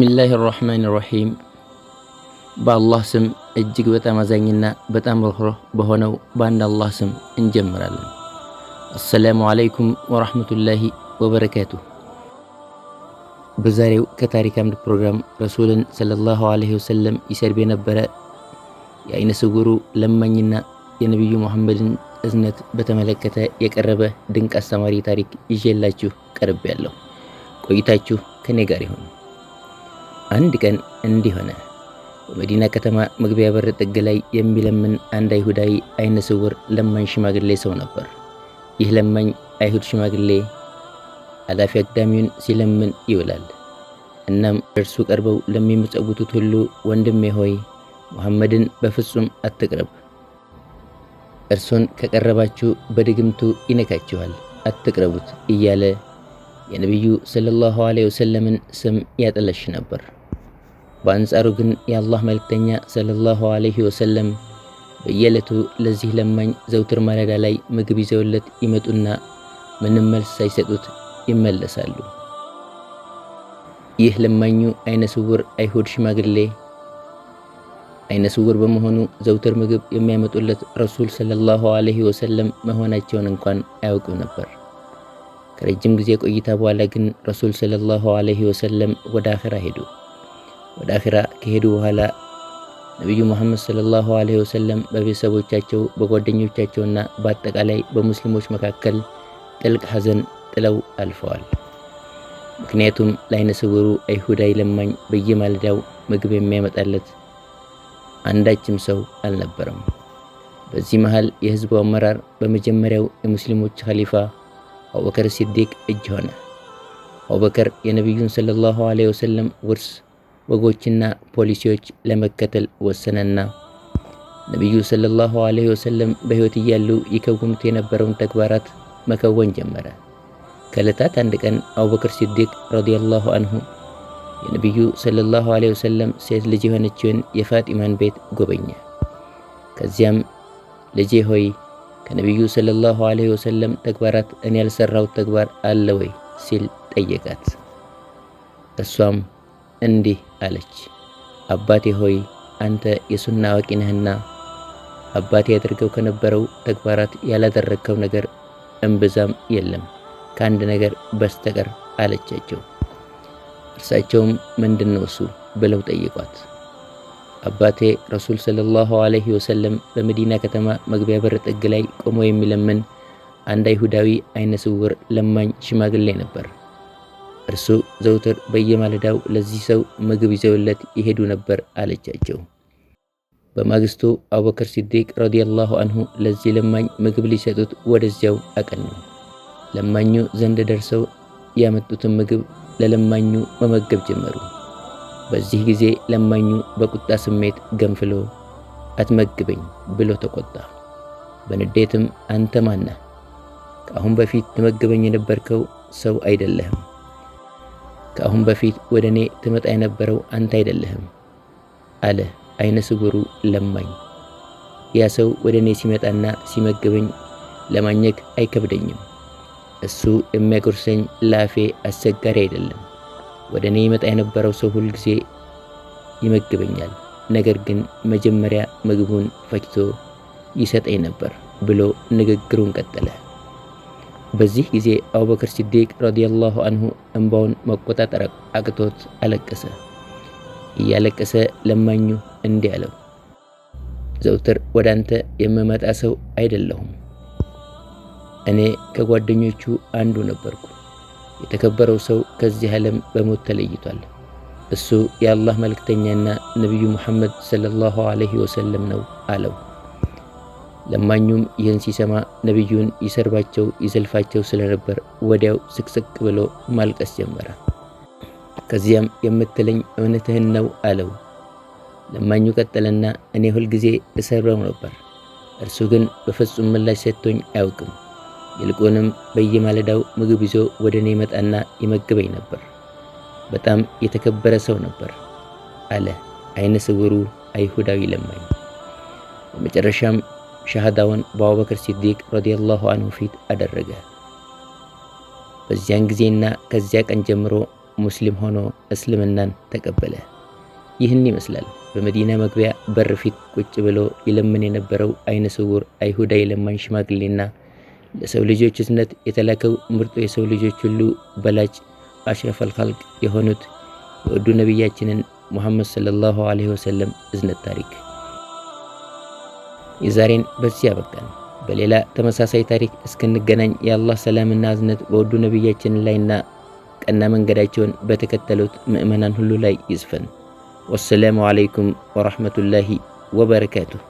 ቢስሚላህ ራህማን ራሂም በአላህ ስም እጅግ በጣም አዛኝና በጣም ርኅሩህ በሆነው በአንድ አላህ ስም እንጀምራለን። አሰላሙ ዓለይኩም ወራህመቱላሂ ወበረካቱሁ። በዛሬው ከታሪክ አምድ ፕሮግራም ረሱልን ሰለላሁ ዓለይሂ ወሰለም ይሰርብ የነበረ የአይነ ስውሩ ለማኝና የነቢዩ መሐመድን እዝነት በተመለከተ የቀረበ ድንቅ አስተማሪ ታሪክ ይዤላችሁ ያለው። ቆይታችሁ ከኔ ጋር ይሁን። አንድ ቀን እንዲህ ሆነ። በመዲና ከተማ መግቢያ በር ጥግ ላይ የሚለምን አንድ አይሁዳዊ አይነ ስውር ለማኝ ሽማግሌ ሰው ነበር። ይህ ለማኝ አይሁድ ሽማግሌ አላፊ አግዳሚውን ሲለምን ይውላል። እናም እርሱ ቀርበው ለሚመጸውቱት ሁሉ ወንድሜ ሆይ ሙሐመድን በፍጹም አትቅረብ፣ እርሱን ከቀረባችሁ በድግምቱ ይነካችኋል፣ አትቅረቡት እያለ የነቢዩ ሰለላሁ ዐለይሂ ወሰለምን ስም ያጠለሽ ነበር። በአንጻሩ ግን የአላህ መልእክተኛ ሰለላሁ ዐለይሂ ወሰለም በየዕለቱ ለዚህ ለማኝ ዘውትር ማለዳ ላይ ምግብ ይዘውለት ይመጡና ምንም መልስ ሳይሰጡት ይመለሳሉ። ይህ ለማኙ አይነ ስውር አይሁድ ሽማግሌ አይነ ስውር በመሆኑ ዘውትር ምግብ የሚያመጡለት ረሱል ሰለላሁ ዐለይሂ ወሰለም መሆናቸውን እንኳን አያውቁ ነበር። ከረጅም ጊዜ ቆይታ በኋላ ግን ረሱል ሰለላሁ ዐለይሂ ወሰለም ወደ አኺራ ሄዱ። ወደ አኺራ ከሄዱ በኋላ ነቢዩ መሐመድ ሰለላሁ ዐለይሂ ወሰለም በቤተሰቦቻቸው በጓደኞቻቸውና በአጠቃላይ በሙስሊሞች መካከል ጥልቅ ሐዘን ጥለው አልፈዋል። ምክንያቱም ለአይነ ስውሩ አይሁዳዊ ለማኝ በየማለዳው ምግብ የሚያመጣለት አንዳችም ሰው አልነበረም። በዚህ መሃል የህዝቡ አመራር በመጀመሪያው የሙስሊሞች ኸሊፋ አቡበከር ሲዲቅ እጅ ሆነ። አቡበከር የነቢዩን ሰለላሁ ዐለይሂ ወሰለም ውርስ ወጎችና ፖሊሲዎች ለመከተል ወሰነና ነቢዩ ሰለላሁ ዐለይሂ ወሰለም በሕይወት እያሉ ይከውኑት የነበረውን ተግባራት መከወን ጀመረ። ከዕለታት አንድ ቀን አቡበክር ሲዲቅ ረዲያላሁ አንሁ የነቢዩ ሰለላሁ ዐለይሂ ወሰለም ሴት ልጅ የሆነችውን የፋጢማን ቤት ጎበኘ። ከዚያም ልጄ ሆይ ከነቢዩ ሰለላሁ ዐለይሂ ወሰለም ተግባራት እኔ ያልሰራሁት ተግባር አለ ወይ ሲል ጠየቃት። እሷም እንዲህ አለች። አባቴ ሆይ አንተ የሱና አዋቂ ነህና አባቴ ያደርገው ከነበረው ተግባራት ያላደረግከው ነገር እምብዛም የለም ከአንድ ነገር በስተቀር አለቻቸው። እርሳቸውም ምንድን ነው እሱ ብለው ጠይቋት። አባቴ ረሱል ሰለላሁ ዐለይሂ ወሰለም በመዲና ከተማ መግቢያ በር ጥግ ላይ ቆሞ የሚለምን አንድ አይሁዳዊ አይነ ስውር ለማኝ ሽማግሌ ነበር። እርሱ ዘውትር በየማለዳው ለዚህ ሰው ምግብ ይዘውለት ይሄዱ ነበር አለቻቸው። በማግስቱ አቡበከር ሲዲቅ ረዲየላሁ አንሁ ለዚህ ለማኝ ምግብ ሊሰጡት ወደዚያው አቀኑ። ለማኙ ዘንድ ደርሰው ያመጡትን ምግብ ለለማኙ መመገብ ጀመሩ። በዚህ ጊዜ ለማኙ በቁጣ ስሜት ገንፍሎ አትመግበኝ ብሎ ተቆጣ። በንዴትም አንተ ማና ከአሁን በፊት ትመግበኝ የነበርከው ሰው አይደለህም ከአሁን በፊት ወደ እኔ ትመጣ የነበረው አንተ አይደለህም አለ አይነ ስውሩ ለማኝ። ያ ሰው ወደ እኔ ሲመጣና ሲመግበኝ ለማኘክ አይከብደኝም። እሱ የሚያጎርሰኝ ላፌ አስቸጋሪ አይደለም። ወደ እኔ ይመጣ የነበረው ሰው ሁል ጊዜ ይመግበኛል፣ ነገር ግን መጀመሪያ ምግቡን ፈጭቶ ይሰጠኝ ነበር ብሎ ንግግሩን ቀጠለ። በዚህ ጊዜ አቡበክር ሲዲቅ ረዲያላሁ አንሁ እንባውን መቆጣጠር አቅቶት አለቀሰ። እያለቀሰ ለማኙ እንዲህ አለው፣ ዘውትር ወደ አንተ የምመጣ ሰው አይደለሁም። እኔ ከጓደኞቹ አንዱ ነበርኩ። የተከበረው ሰው ከዚህ ዓለም በሞት ተለይቷል። እሱ የአላህ መልእክተኛና ነቢዩ ሙሐመድ ሰለላሁ አለህ ወሰለም ነው አለው። ለማኙም ይህን ሲሰማ ነቢዩን ይሰርባቸው ይዘልፋቸው ስለነበር ወዲያው ስቅስቅ ብሎ ማልቀስ ጀመረ። ከዚያም የምትለኝ እውነትህን ነው አለው። ለማኙ ቀጠለና እኔ ሁልጊዜ እሰረው ነበር፣ እርሱ ግን በፍጹም ምላሽ ሰጥቶኝ አያውቅም። ይልቁንም በየማለዳው ምግብ ይዞ ወደ እኔ መጣና ይመግበኝ ነበር። በጣም የተከበረ ሰው ነበር አለ አይነ ስውሩ አይሁዳዊ ለማኝ። በመጨረሻም ሻሃዳውን በአቡበክር ሲዲቅ ረዲየላሁ አንሁ ፊት አደረገ። በዚያን ጊዜና ከዚያ ቀን ጀምሮ ሙስሊም ሆኖ እስልምናን ተቀበለ። ይህን ይመስላል በመዲና መግቢያ በር ፊት ቁጭ ብሎ ይለምን የነበረው አይነ ስውር አይሁዳ የለማኝ ሽማግሌና ለሰው ልጆች እዝነት የተላከው ምርጡ የሰው ልጆች ሁሉ በላጭ አሽረፈል ኸልቅ የሆኑት የውዱ ነቢያችንን ሙሐመድ ሰለላሁ ዐለይሂ ወሰለም እዝነት ታሪክ የዛሬን በዚህ ያበቃን። በሌላ ተመሳሳይ ታሪክ እስክንገናኝ የአላህ ሰላምና እዝነት በውዱ ነቢያችን ላይና ቀና መንገዳቸውን በተከተሉት ምእመናን ሁሉ ላይ ይጽፈን። ወሰላሙ አለይኩም ወራህመቱላሂ ወበረካቱሁ።